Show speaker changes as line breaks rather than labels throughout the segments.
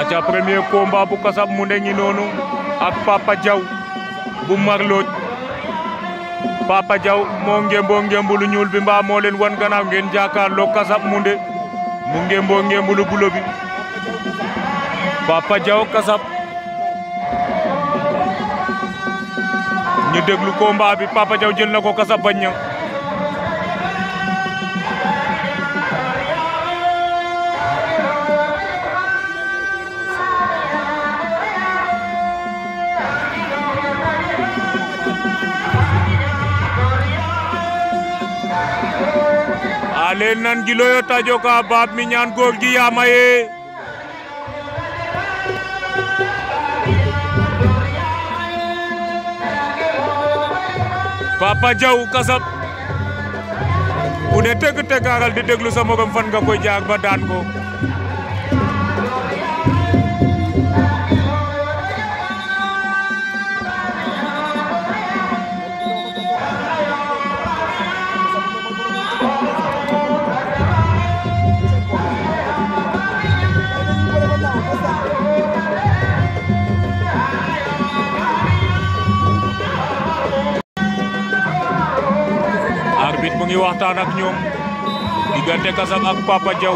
aca premier combat bu kasab mu nde noonu ak Papa bu Marlodj Papa moo ngemboo ñuul bi mbaa moo wan gannaaw ngeen jàkkaarloo kasab mu nde mu ngemboo ngembulu bulo kasab ñu déglu combat bi Papa Diaw jël na ko kasab bañ na ale nan giloyo tajo ka bab mi ñaan góor gi ya maye papa jaw kasab bu ne teug tëggaaral di deglu sa mogam fan nga koy jaar ba daan ko ngi waxtaan ak ñoom diggante Kassam ak Papa jaw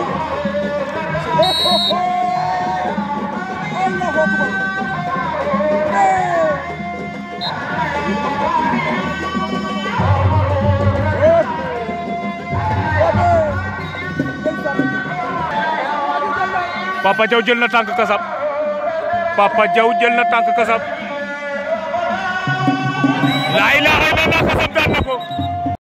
Papa jau jël na tank Kassam Papa jau jël na tank Kassam
la ilaha illallah Kassam dan ko